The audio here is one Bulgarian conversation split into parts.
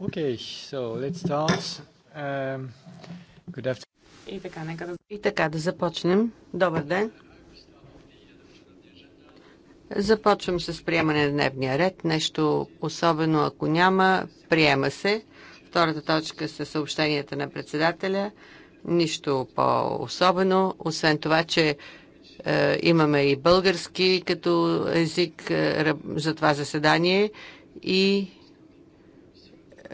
Okay, so let's start. Um, good afternoon. И така, да... да започнем. Добър ден. Започвам с приемане на дневния ред. Нещо особено, ако няма, приема се. Втората точка са съобщенията на председателя. Нищо по-особено, освен това, че е, имаме и български като език е, за това заседание и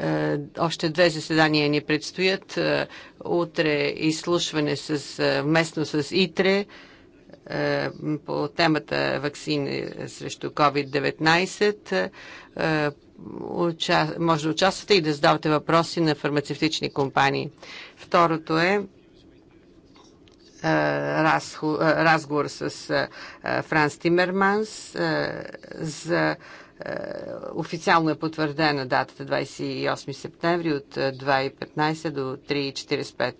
е, още две заседания ни предстоят. Е, утре изслушване с, е, местно с ИТРЕ по темата вакцини срещу COVID-19. Може да участвате и да задавате въпроси на фармацевтични компании. Второто е разговор с Франс Тимерманс за официално е потвърдена датата 28 септември от 2.15 до 3.45.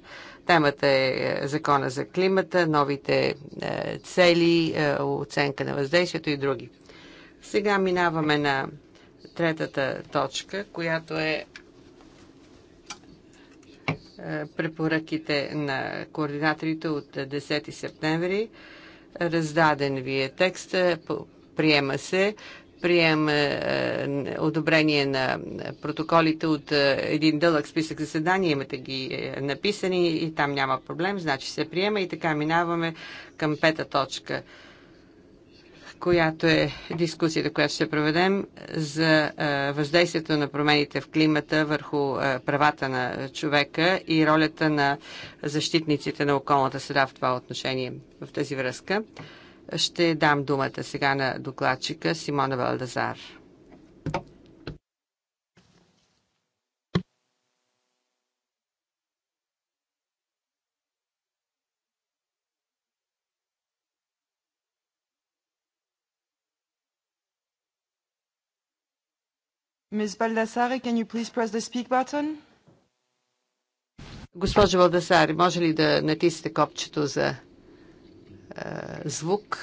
Темата е закона за климата, новите цели, оценка на въздействието и други. Сега минаваме на третата точка, която е е, препоръките на координаторите от 10 септември. Раздаден ви е текст, приема се приема е, одобрение на протоколите от е, един дълъг списък заседания. Имате ги написани и там няма проблем, значи се приема и така минаваме към пета точка която е дискусията, която ще проведем за е, въздействието на промените в климата върху е, правата на човека и ролята на защитниците на околната среда в това отношение, в тази връзка. Ще дам думата сега на докладчика Симона Валдазар. Ms. Baldassare, can you please press the speak button? Госпожо Балдасари, може ли да натиснете копчето за е, звук?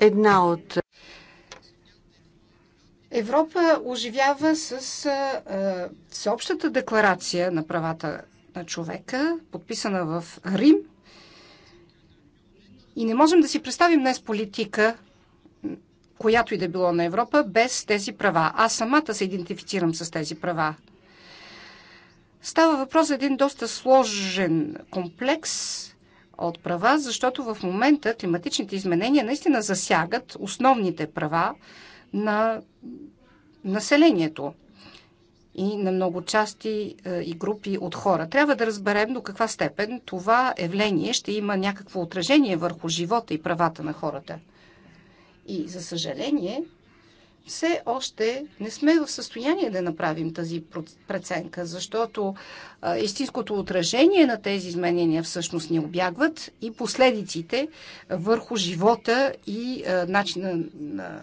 Една от Европа оживява с а, всеобщата декларация на правата на човека, подписана в Рим. И не можем да си представим днес политика, която и да било на Европа, без тези права. Аз самата се идентифицирам с тези права. Става въпрос за един доста сложен комплекс от права, защото в момента климатичните изменения наистина засягат основните права, на населението и на много части е, и групи от хора. Трябва да разберем до каква степен това явление ще има някакво отражение върху живота и правата на хората. И, за съжаление, все още не сме в състояние да направим тази преценка, защото е, истинското отражение на тези изменения всъщност ни обягват и последиците върху живота и е, начина на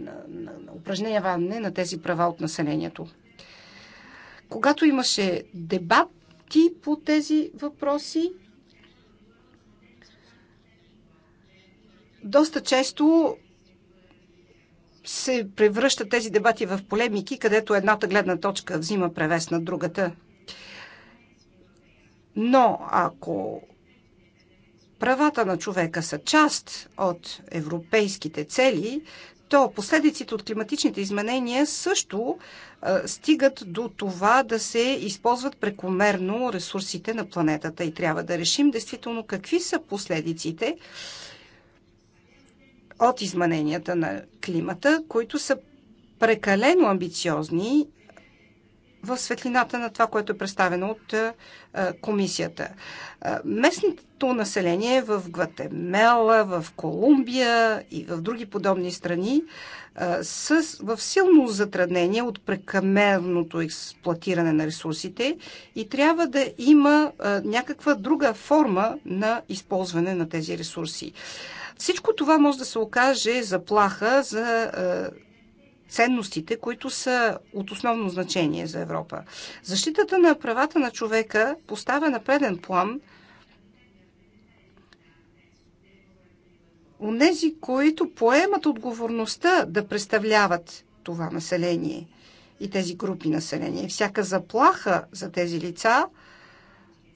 на, на, на упражняване на тези права от населението. Когато имаше дебати по тези въпроси, доста често се превръщат тези дебати в полемики, където едната гледна точка взима превес на другата. Но ако правата на човека са част от европейските цели, то последиците от климатичните изменения също а, стигат до това да се използват прекомерно ресурсите на планетата и трябва да решим действително какви са последиците от измененията на климата, които са прекалено амбициозни в светлината на това, което е представено от е, е, комисията. Е, местното население в Гватемела, в Колумбия и в други подобни страни са в силно затруднение от прекамерното експлуатиране на ресурсите и трябва да има някаква друга форма на използване на тези ресурси. Всичко това може да се окаже заплаха за ценностите, които са от основно значение за Европа. Защитата на правата на човека поставя на преден план онези, които поемат отговорността да представляват това население и тези групи население. Всяка заплаха за тези лица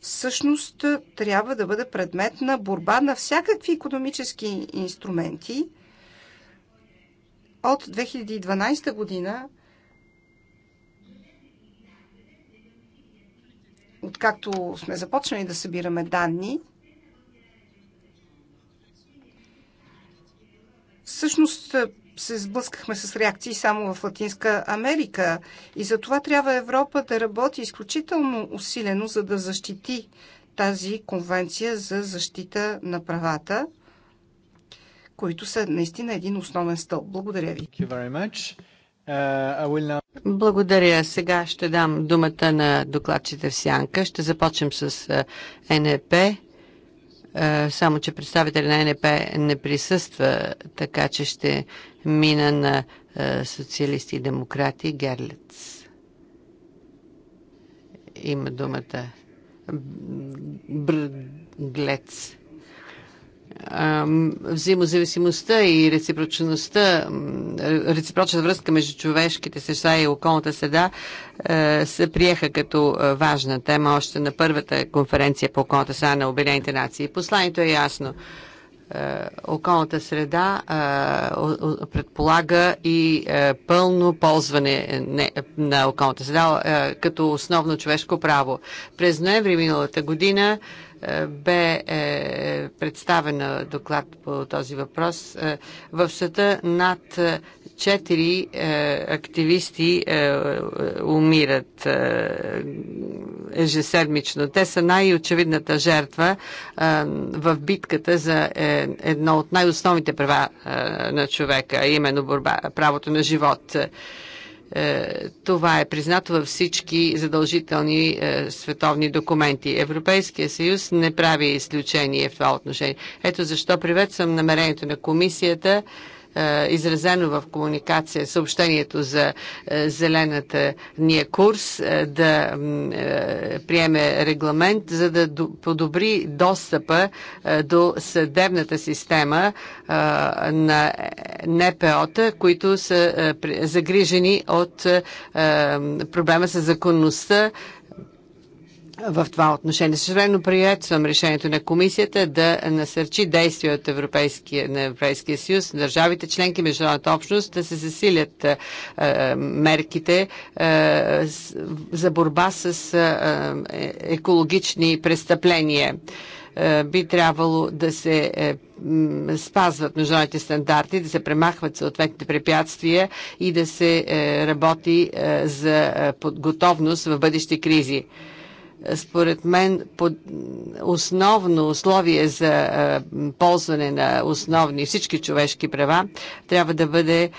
всъщност трябва да бъде предмет на борба на всякакви економически инструменти – от 2012 година, откакто сме започнали да събираме данни, всъщност е, се сблъскахме с реакции само в Латинска Америка. И за това трябва Европа да работи изключително усилено, за да защити тази конвенция за защита на правата – които са наистина един основен стълб. Благодаря ви. Uh, Благодаря. Сега ще дам думата на докладчите в Сянка. Ще започнем с НЕП. Само, че представителя на НЕП не присъства, така че ще мина на социалисти и демократи Герлец. Има думата. Глец взаимозависимостта и реципрочността, реципрочна връзка между човешките същества и околната среда е, се приеха като е, важна тема още на първата конференция по околната среда на Обединените нации. Посланието е ясно е, околната среда предполага и пълно ползване на околната среда като основно човешко право. През ноември миналата година бе е, представена доклад по този въпрос. Е, в света над четири е, активисти умират ежеседмично. Те са най-очевидната жертва в битката за едно от най-основните права на човека, именно борба, правото на живот. Е, това е признато във всички задължителни е, световни документи. Европейския съюз не прави изключение в това отношение. Ето защо приветствам намерението на комисията е, изразено в комуникация съобщението за е, зелената ния курс, е, да приеме регламент, за да подобри достъпа до съдебната система на НПО-та, които са загрижени от проблема с законността в това отношение. Съжалено прият съм решението на комисията да насърчи действия от Европейския, на Европейския съюз, държавите членки, международната общност да се засилят е, мерките е, с, за борба с е, екологични престъпления би трябвало да се е, спазват международните стандарти, да се премахват съответните препятствия и да се е, работи е, за готовност в бъдещи кризи според мен под основно условие за ползване на основни всички човешки права трябва да бъде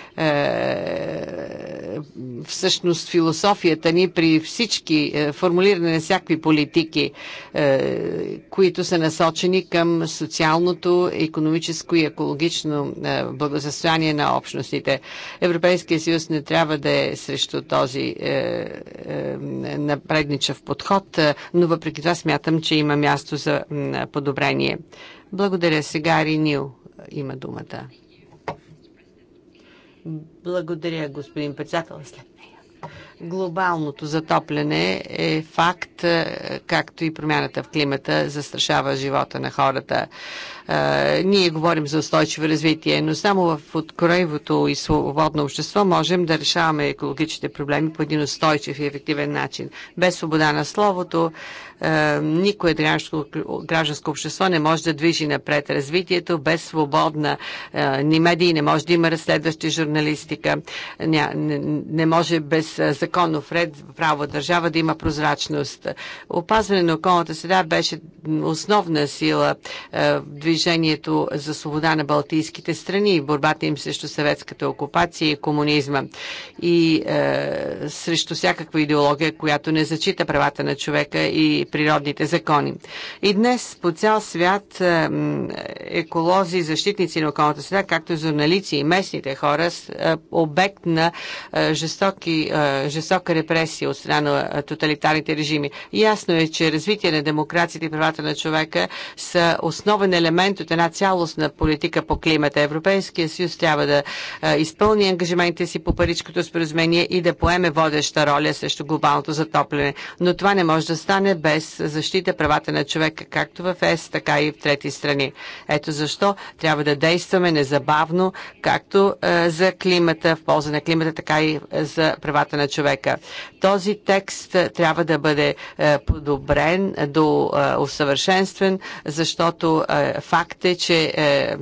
всъщност философията ни при всички формулиране на всякакви политики, които са насочени към социалното, економическо и екологично благосъстояние на общностите. Европейския съюз не трябва да е срещу този напредничав подход но въпреки това смятам, че има място за подобрение. Благодаря. Сега Ринил е, има думата. Благодаря, господин председател. След нея. Глобалното затопляне е факт, е, както и промяната в климата застрашава живота на хората. Ние говорим за устойчиво развитие, но само в откроевото и свободно общество можем да решаваме екологичните проблеми по един устойчив и ефективен начин. Без свобода на словото, никое гражданско, гражданско общество не може да движи напред развитието. Без свободна ни медии не може да има разследващи журналистика. Не, не, не може без законов ред право държава да има прозрачност. Опазване на околната седа беше основна сила в движението движението за свобода на балтийските страни, борбата им срещу съветската окупация и комунизма и е, срещу всякаква идеология, която не зачита правата на човека и природните закони. И днес по цял свят е, еколози, защитници на околната среда, както и журналици и местните хора, е, обект на е, жестоки, е, жестока репресия от страна на е, тоталитарните режими. Ясно е, че развитие на демокрацията и правата на човека са основен елемент парламент от една цялостна политика по климата. Европейския съюз трябва да изпълни ангажиментите си по паричкото споразумение и да поеме водеща роля срещу глобалното затопляне. Но това не може да стане без защита правата на човека, както в ЕС, така и в трети страни. Ето защо трябва да действаме незабавно, както за климата, в полза на климата, така и за правата на човека. Този текст трябва да бъде подобрен, до усъвършенствен, защото факт Факт е, че е,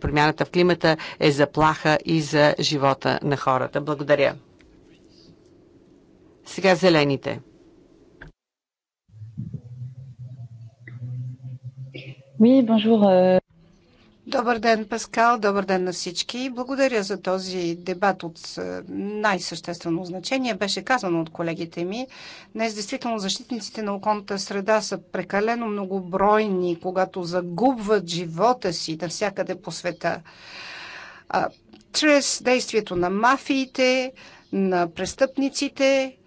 промяната в климата е заплаха и за живота на хората. Благодаря. Сега зелените. Oui, bonjour. Euh, Добър ден, Паскал. Добър ден на всички. Благодаря за този дебат от е, най-съществено значение. Беше казано от колегите ми. Днес действително защитниците на околната среда са прекалено многобройни, когато загубват живота си навсякъде по света. А, чрез действието на мафиите, на престъпниците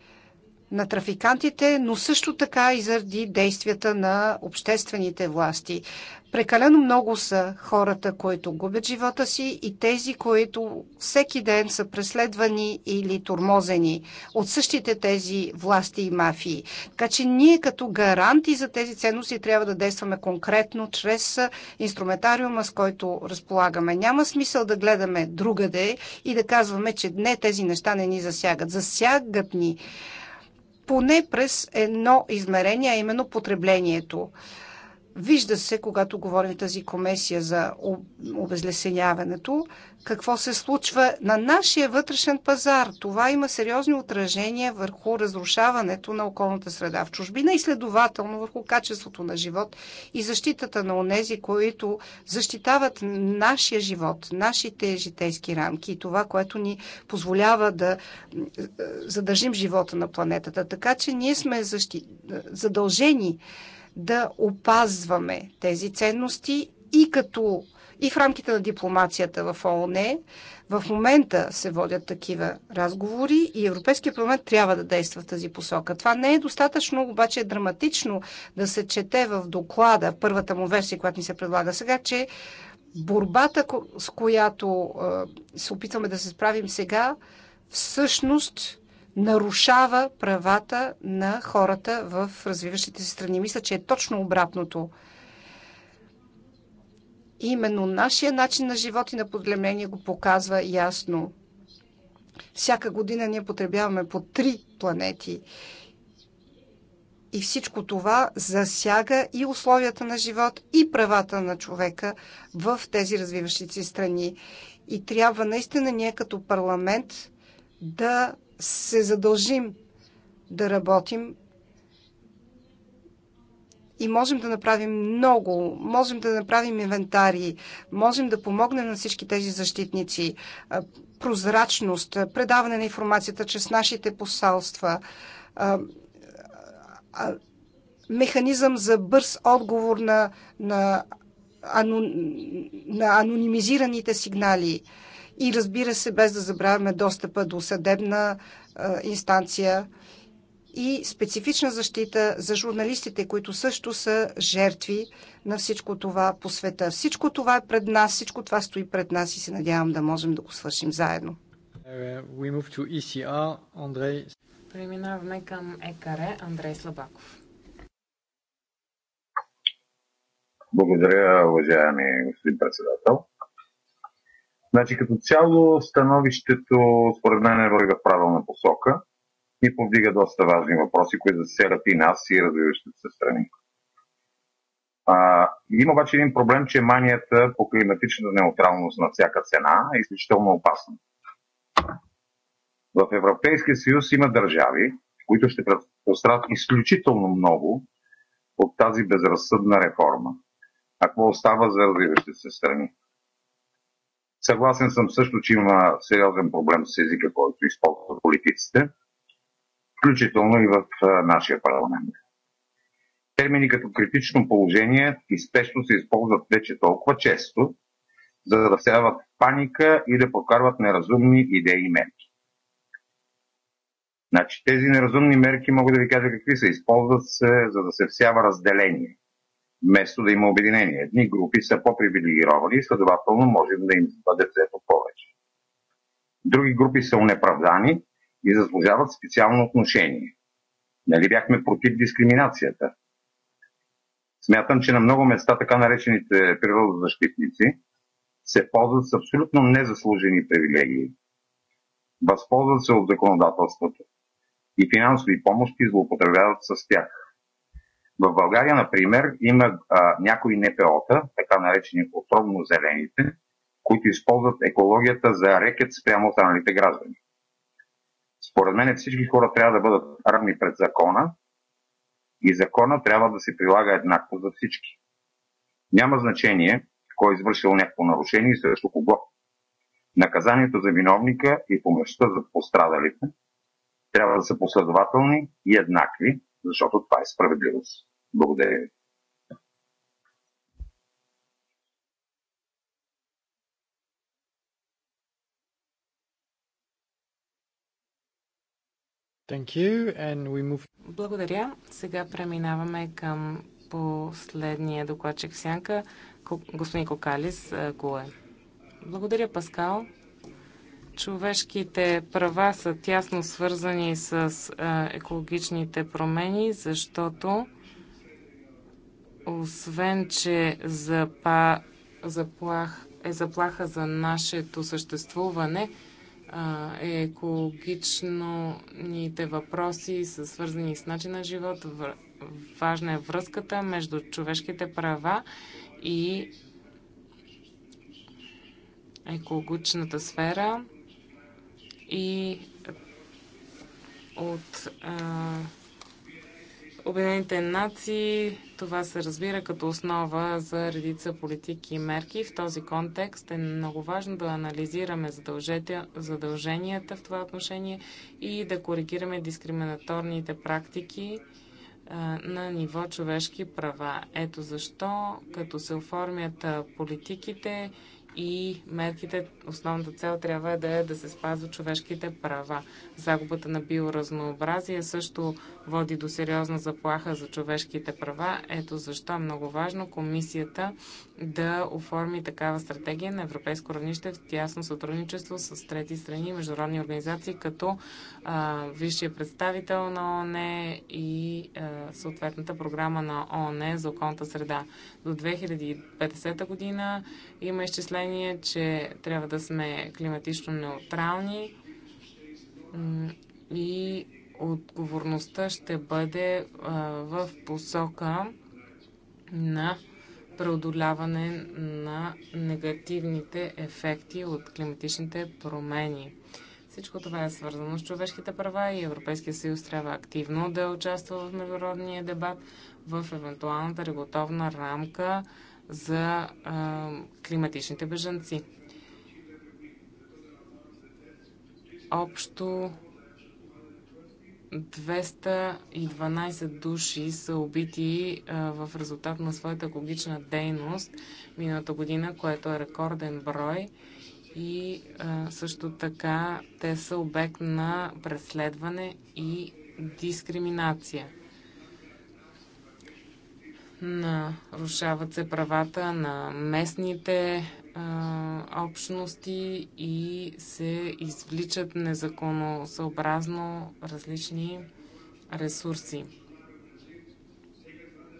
на трафикантите, но също така и заради действията на обществените власти. Прекалено много са хората, които губят живота си и тези, които всеки ден са преследвани или тормозени от същите тези власти и мафии. Така че ние като гаранти за тези ценности трябва да действаме конкретно чрез инструментариума, с който разполагаме. Няма смисъл да гледаме другаде и да казваме, че не, тези неща не ни засягат. Засягат ни поне през едно измерение, а именно потреблението. Вижда се, когато говорим тази комисия за обезлесеняването, какво се случва на нашия вътрешен пазар. Това има сериозни отражения върху разрушаването на околната среда в чужбина и следователно върху качеството на живот и защитата на онези, които защитават нашия живот, нашите житейски рамки и това, което ни позволява да задържим живота на планетата. Така че ние сме защи... задължени да опазваме тези ценности и като и в рамките на дипломацията в ООН. В момента се водят такива разговори и Европейския парламент трябва да действа в тази посока. Това не е достатъчно, обаче е драматично да се чете в доклада, първата му версия, която ни се предлага сега, че борбата, с която се опитваме да се справим сега, всъщност нарушава правата на хората в развиващите се страни. Мисля, че е точно обратното. Именно нашия начин на живот и на подлемление го показва ясно. Всяка година ние потребяваме по три планети. И всичко това засяга и условията на живот, и правата на човека в тези развиващи се страни. И трябва наистина ние като парламент да се задължим да работим и можем да направим много. Можем да направим инвентари, можем да помогнем на всички тези защитници. Прозрачност, предаване на информацията чрез нашите посалства, механизъм за бърз отговор на, на, на анонимизираните сигнали – и разбира се, без да забравяме достъпа до съдебна инстанция и специфична защита за журналистите, които също са жертви на всичко това по света. Всичко това е пред нас, всичко това стои пред нас и се надявам да можем да го свършим заедно. E Преминаваме към ЕКАРЕ, Андрей Слабаков. Благодаря, уважаеми господин председател. Значи като цяло становището според мен е върга в правилна посока и повдига доста важни въпроси, които засерат и нас и развиващите се страни. А, има обаче един проблем, че манията по климатичната неутралност на всяка цена е изключително опасна. В Европейския съюз има държави, които ще пострадат изключително много от тази безразсъдна реформа. Ако остава за развиващите се страни? Съгласен съм също, че има сериозен проблем с езика, който използват политиците, включително и в нашия парламент. Термини като критично положение и спешно се използват вече толкова често, за да всяват паника и да прокарват неразумни идеи и мерки. Значи, тези неразумни мерки, мога да ви кажа какви са, използват се, за да се всява разделение вместо да има обединение. Едни групи са по-привилегировани и следователно можем да им бъде взето повече. Други групи са унеправдани и заслужават специално отношение. Нали бяхме против дискриминацията? Смятам, че на много места така наречените природозащитници се ползват с абсолютно незаслужени привилегии. Възползват се от законодателството и финансови помощи злоупотребяват с тях в България, например, има а, някои НПО-та, така наречени отровно зелените, които използват екологията за рекет спрямо останалите граждани. Според мен всички хора трябва да бъдат равни пред закона и закона трябва да се прилага еднакво за всички. Няма значение кой е извършил някакво нарушение и срещу кого. Наказанието за виновника и помощта за пострадалите трябва да са последователни и еднакви, защото това е справедливост. Благодаря ви. Thank you, and we move... Благодаря. Сега преминаваме към последния докладчик сянка, господин Кокалис Гуе. Благодаря, Паскал. Човешките права са тясно свързани с екологичните промени, защото освен, че запа, заплах, е заплаха за нашето съществуване, е екологичните въпроси са свързани с начина на живот. Важна е връзката между човешките права и екологичната сфера и от а, Обединените нации това се разбира като основа за редица политики и мерки. В този контекст е много важно да анализираме задълженията в това отношение и да коригираме дискриминаторните практики на ниво човешки права. Ето защо, като се оформят политиките и мерките, основната цел трябва да е да се спазват човешките права. Загубата на биоразнообразие също води до сериозна заплаха за човешките права. Ето защо е много важно комисията да оформи такава стратегия на европейско равнище в тясно сътрудничество с трети страни и международни организации, като а, висшия представител на ООН и а, съответната програма на ООН за околната среда. До 2050 година има изчисление споразумение, че трябва да сме климатично неутрални и отговорността ще бъде в посока на преодоляване на негативните ефекти от климатичните промени. Всичко това е свързано с човешките права и Европейския съюз трябва активно да участва в международния дебат в евентуалната реготовна рамка за а, климатичните бежанци. Общо 212 души са убити в резултат на своята екологична дейност миналата година, което е рекорден брой. И а, също така те са обект на преследване и дискриминация. Нарушават се правата на местните а, общности и се извличат незаконосъобразно различни ресурси.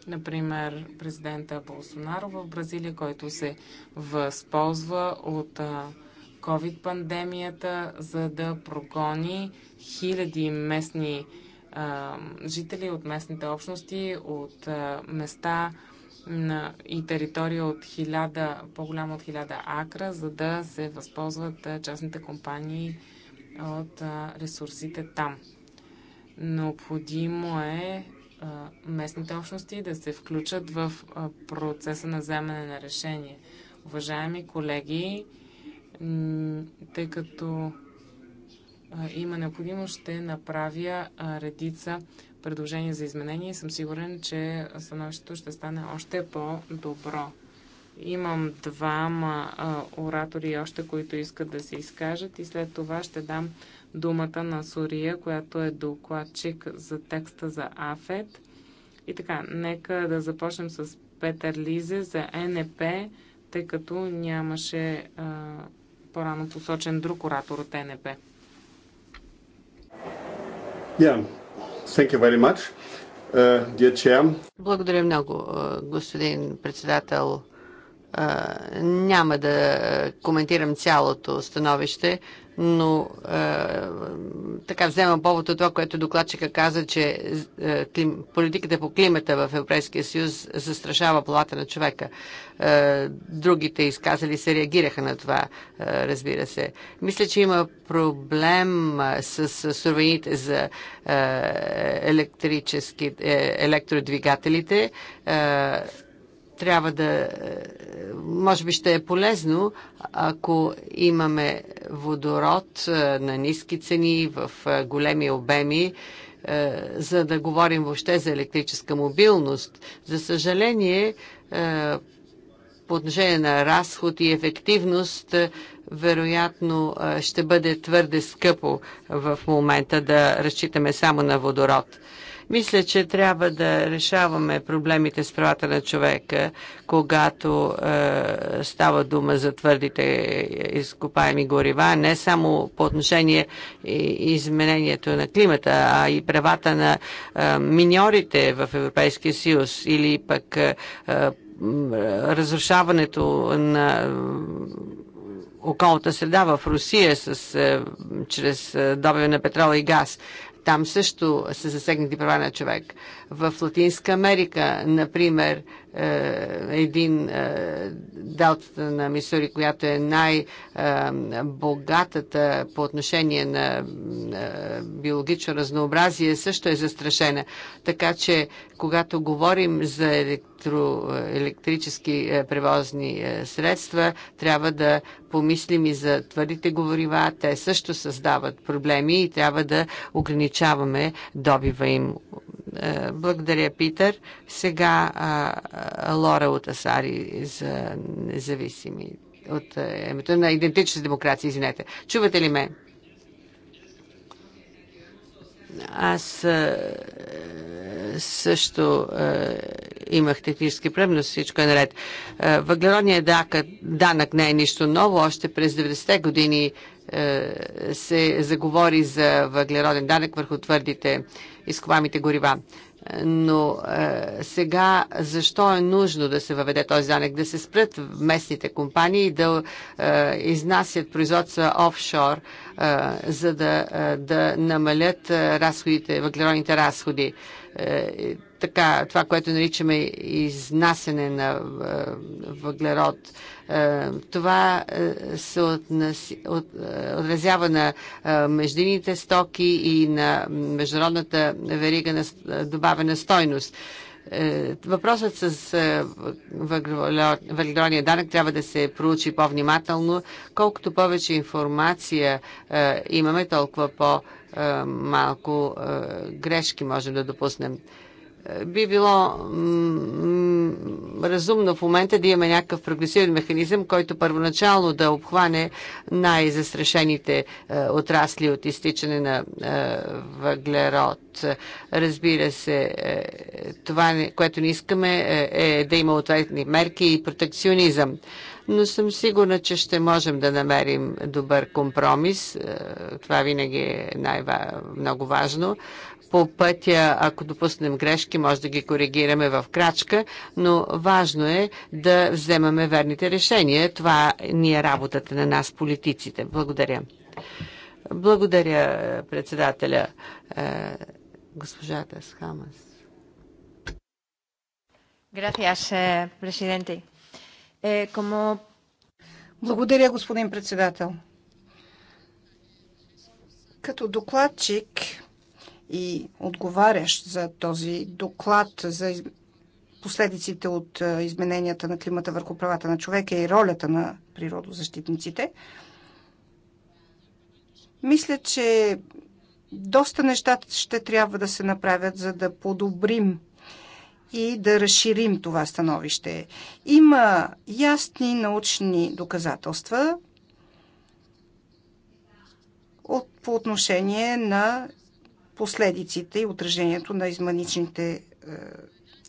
Например, президента Болсонаро в Бразилия, който се възползва от COVID-пандемията, за да прогони хиляди местни а, жители, от местните общности, от а, места на, и територия от хиляда по-голяма от хиляда акра, за да се възползват а, частните компании от а, ресурсите там. Необходимо е а, местните общности да се включат в а, процеса на вземане на решение. Уважаеми колеги, тъй като има необходимост, ще направя редица предложения за изменения и съм сигурен, че становището ще стане още по-добро. Имам двама оратори още, които искат да се изкажат и след това ще дам думата на Сория, която е докладчик за текста за АФЕД. И така, нека да започнем с Петър Лизе за НП, тъй като нямаше по-рано посочен друг оратор от НП. Yeah. Thank you very much, uh, dear chair. Благодаря много, uh, господин председател. Няма да коментирам цялото становище, но така вземам повод от това, което докладчика каза, че политиката по климата в Европейския съюз застрашава полата на човека. другите изказали се реагираха на това, разбира се. Мисля, че има проблем с, суровините за електрически, е, електродвигателите трябва да. Е, може би ще е полезно, ако имаме водород е, на ниски цени, в е, големи обеми, за да говорим въобще за електрическа мобилност. За съжаление, по отношение на разход и ефективност, вероятно ще бъде твърде скъпо в момента да разчитаме само на водород. Мисля, че трябва да решаваме проблемите с правата на човека, когато е, става дума за твърдите изкопаеми горива, не само по отношение изменението на климата, а и правата на е, миньорите в Европейския съюз или пък е, е разрушаването на околната среда в Русия с, е, чрез е, добив на петрол и газ. Там също са засегнати права на човек. В Латинска Америка, например, е, един е, делтата на Мисури, която е най-богатата по отношение на е, биологично разнообразие, също е застрашена. Така че, когато говорим за електро, електрически превозни средства, трябва да помислим и за твърдите горива. Те също създават проблеми и трябва да ограничим увеличаваме добива им. Е, благодаря, Питър. Сега Лора от Асари за независими от е, името на идентична демокрация, извинете. Чувате ли ме? Аз е, също имах технически проблем, но всичко е наред. въглеродният данък не е нищо ново. Още през 90-те години е, се заговори за въглероден данък върху твърдите изковамите горива. Е, но е, сега защо е нужно да се въведе този данък? Да се спрат местните компании да е, изнасят производства офшор, е, за да, е, да намалят е, разходите, въглеродните разходи така, това, което наричаме изнасене на е, въглерод. Е, това е, се отразява на междинните стоки и на международната верига на добавена стойност. Въпросът с въглеродния данък трябва да се проучи по-внимателно. Колкото повече информация имаме, толкова по- малко грешки можем да допуснем би било разумно в момента да имаме някакъв прогресивен механизъм, който първоначално да обхване най-застрашените е, отрасли от изтичане на е, въглерод. Разбира се, е, това, което не искаме е да има ответни мерки и протекционизъм. Но съм сигурна, че ще можем да намерим добър компромис. Това винаги е най- много важно по пътя, ако допуснем грешки, може да ги коригираме в крачка, но важно е да вземаме верните решения. Това ни е работата на нас, политиците. Благодаря. Благодаря, председателя, е, госпожата Схамас. Е, е, Благодаря, господин председател. Като докладчик и отговарящ за този доклад за последиците от измененията на климата върху правата на човека и ролята на природозащитниците. Мисля, че доста неща ще трябва да се направят, за да подобрим и да разширим това становище. Има ясни научни доказателства от, по отношение на последиците и отражението на изманичните, е,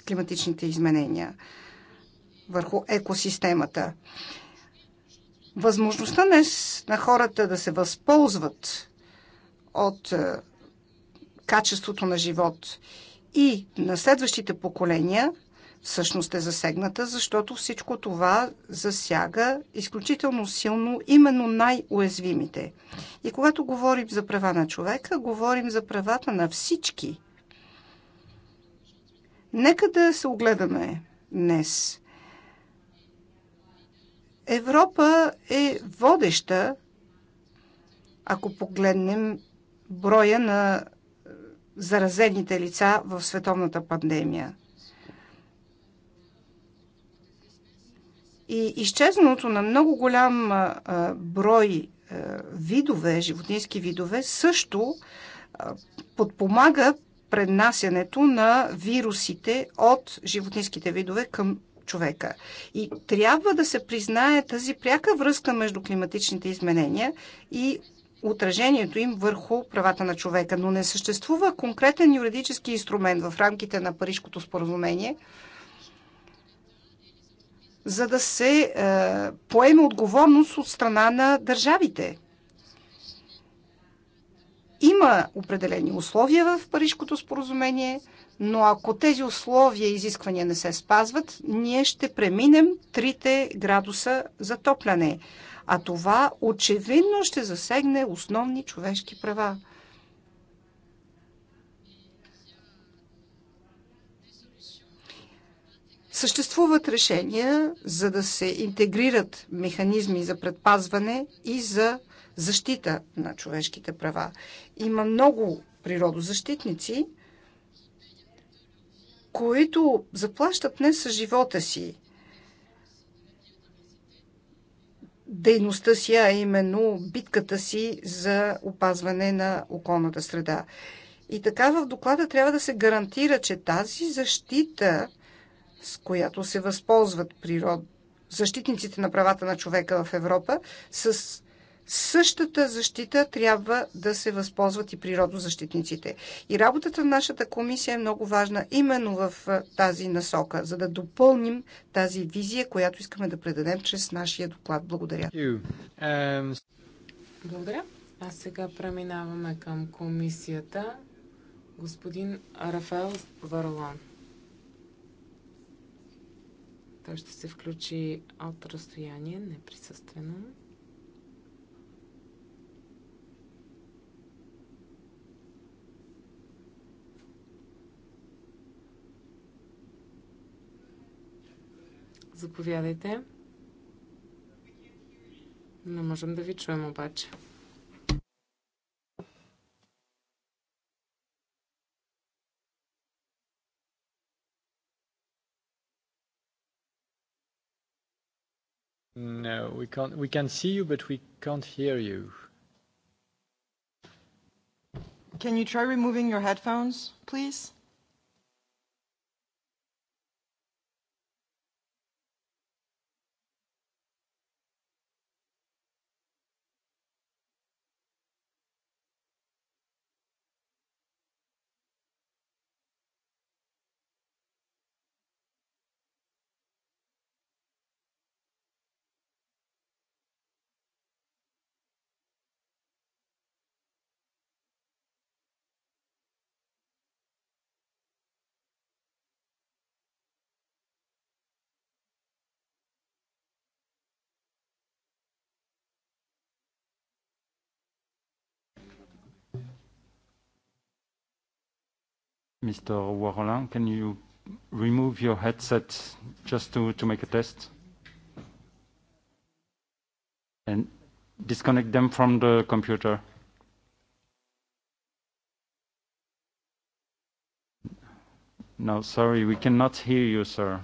климатичните изменения върху екосистемата. Възможността днес на хората да се възползват от е, качеството на живот и на следващите поколения всъщност е засегната, защото всичко това засяга изключително силно именно най-уязвимите. И когато говорим за права на човека, говорим за правата на всички. Нека да се огледаме днес. Европа е водеща, ако погледнем броя на заразените лица в световната пандемия – И изчезналото на много голям брой е, видове, животински видове, също подпомага преднасянето на вирусите от животинските видове към човека. И трябва да се признае тази пряка връзка между климатичните изменения и отражението им върху правата на човека. Но не съществува конкретен юридически инструмент в рамките на Парижкото споразумение – за да се е, поеме отговорност от страна на държавите. Има определени условия в Парижкото споразумение, но ако тези условия и изисквания не се спазват, ние ще преминем 3 градуса затопляне. А това очевидно ще засегне основни човешки права. Съществуват решения за да се интегрират механизми за предпазване и за защита на човешките права. Има много природозащитници, които заплащат не с живота си дейността си, а именно битката си за опазване на околната среда. И така в доклада трябва да се гарантира, че тази защита с която се възползват природ... защитниците на правата на човека в Европа, с същата защита трябва да се възползват и природозащитниците. И работата на нашата комисия е много важна именно в тази насока, за да допълним тази визия, която искаме да предадем чрез нашия доклад. Благодаря. Um, Благодаря. А сега преминаваме към комисията. Господин Рафаел Варолан. Той ще се включи от разстояние, неприсъствено. Заповядайте. Не можем да ви чуем обаче. No, we can't. We can see you, but we can't hear you. Can you try removing your headphones, please? Mr. Warolin, can you remove your headset just to, to make a test? And disconnect them from the computer. No, sorry, we cannot hear you, sir.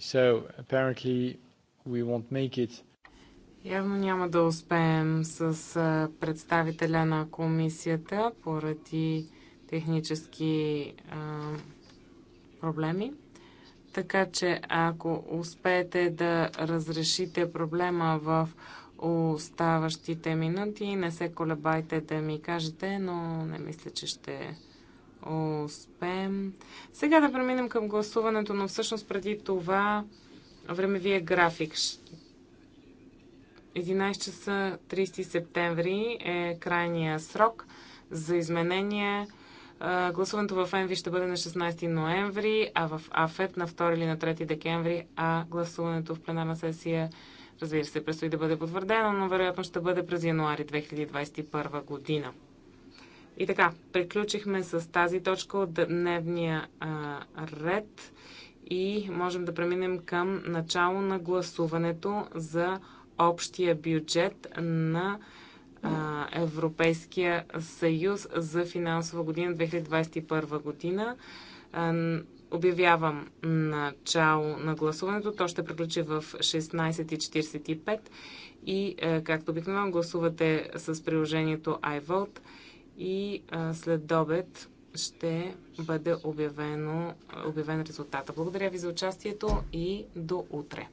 so apparently we won't make it. Явно няма да успеем с представителя на комисията поради технически а, проблеми. Така че ако успеете да разрешите проблема в оставащите минути, не се колебайте да ми кажете, но не мисля, че ще успеем. Сега да преминем към гласуването, но всъщност преди това времевия график. 11 часа 30 септември е крайния срок за изменение. Гласуването в ЕНВИ ще бъде на 16 ноември, а в АФЕТ на 2 или на 3 декември, а гласуването в пленарна сесия, разбира се, предстои да бъде потвърдено, но вероятно ще бъде през януари 2021 година. И така, приключихме с тази точка от дневния а, ред и можем да преминем към начало на гласуването за общия бюджет на а, Европейския съюз за финансова година 2021 година. А, обявявам начало на гласуването. То ще приключи в 16.45 и, е, както обикновено, гласувате с приложението iVote и а, след обед ще бъде обявено, обявен резултата. Благодаря ви за участието и до утре.